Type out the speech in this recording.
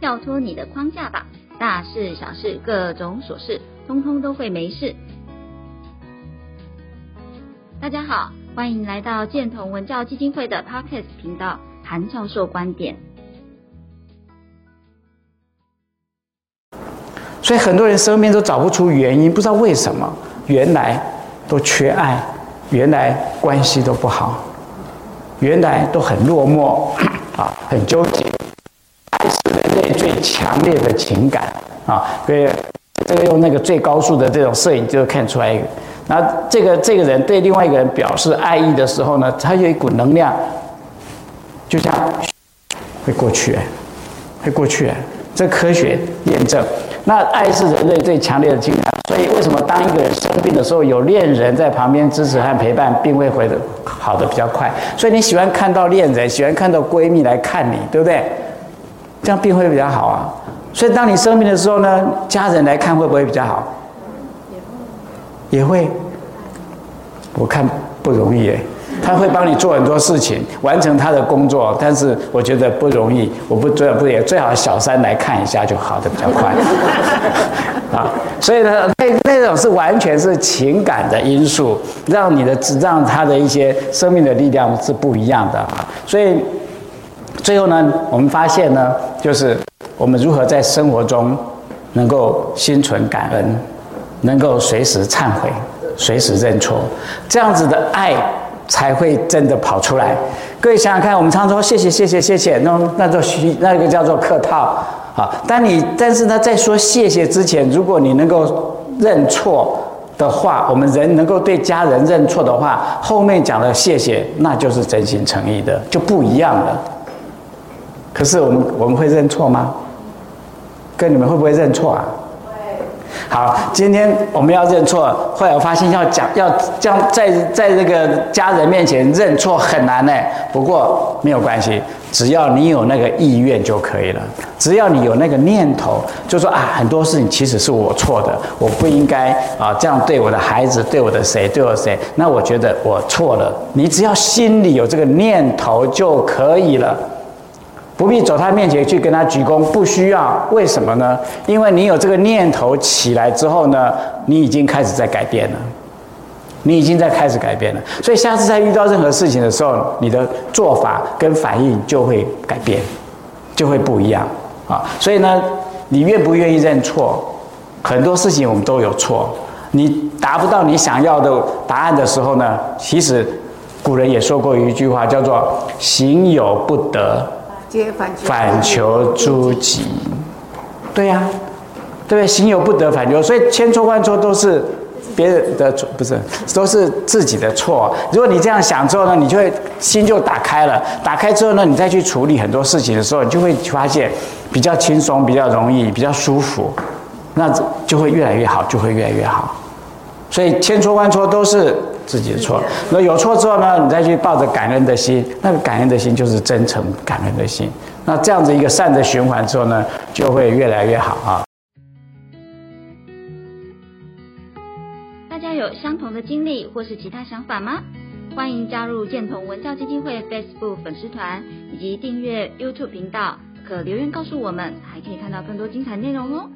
跳脫你的框架吧，大事小事各種瑣事，通通都會沒事。大家好，歡迎來到健同文教基金會的 Podcast 頻道，韓教授觀點。所以很多人生病都找不出原因，不知道為什麼，原來都缺愛，原來關係都不好，原來都很落寞啊，很糾結。最最強烈的情感啊，所以這個用那個最高速的這種攝影，就看出來。那這個這個人對另外一個人表示愛意的時候呢，他有一股能量，就像會過去，會過去。這科學驗證，那愛是人類最強烈的情感。所以為什麼當一個人生病的時候，有戀人在旁邊支持和陪伴，並會回得好得比較快。所以你喜歡看到戀人，喜歡看到閨蜜來看你，對不對？這樣病會比較好啊，所以當你生病的時候呢，家人來看會不會比較好？也會，我看不容易哎，他會幫你做很多事情，完成他的工作，但是我覺得不容易。我不做不也最好小三來看一下就好得比較快，啊，所以呢，那那種是完全是情感的因素，讓你的讓他的一些生命的力量是不一樣的啊，所以。最後呢，我們發現呢，就是我們如何在生活中能夠心存感恩，能夠隨時懺悔，隨時認錯，這樣子的愛才會真的跑出來。各位想想看，我們常說謝謝，謝謝，謝謝，那那就需，那個叫做客套啊。當你，但是呢，在說謝謝之前，如果你能夠認錯的話，我們人能夠對家人認錯的話，後面講的謝謝，那就是真心誠意的，就不一樣了。可是我們我們會認錯嗎？跟你們會不會認錯啊？會。好，今天我們要認錯。後來我發現要講要這樣在在那個家人面前認錯很難呢。不過沒有關係，只要你有那個意願就可以了。只要你有那個念頭，就說啊，很多事情其實是我錯的，我不應該啊這樣對我的孩子，對我的誰，對我的誰。那我覺得我錯了。你只要心裡有這個念頭就可以了。不必走他面前去跟他鞠躬，不需要。為什麼呢？因為你有這個念頭起來之後呢，你已經開始在改變了，你已經在開始改變了。所以下次再遇到任何事情的時候，你的做法跟反應就會改變，就會不一樣啊。所以呢，你願不願意認錯？很多事情我們都有錯。你達不到你想要的答案的時候呢，其實古人也說過一句話，叫做“行有不得”。反求諸己，對呀、啊，對不對，行有不得，反求，所以千錯萬錯都是別人的錯，不是，都是自己的錯。如果你這樣想之後呢，你就會心就打開了，打開之後呢，你再去處理很多事情的時候，你就會發現比較輕鬆，比較容易，比較舒服，那就會越來越好，就會越來越好。所以千錯萬錯都是。自己的錯，那有錯之後呢？你再去抱着感恩的心，那個感恩的心就是真誠感恩的心。那這樣子一個善的循環之後呢，就會越來越好啊！大家有相同的經歷或是其他想法嗎？歡迎加入建同文教基金會 Facebook 粉絲團以及訂閱 YouTube 頻道，可留言告訴我們，還可以看到更多精彩內容哦！